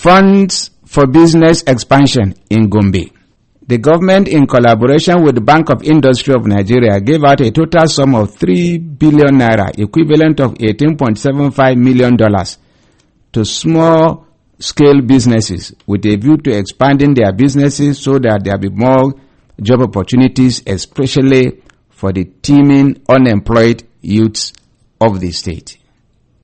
funds for business expansion in Gombe. The government, in collaboration with the Bank of Industry of Nigeria, gave out a total sum of 3 billion naira, equivalent of $18.75 million, to small scale businesses with a view to expanding their businesses so that there be more job opportunities, especially for the teeming unemployed youths of the state.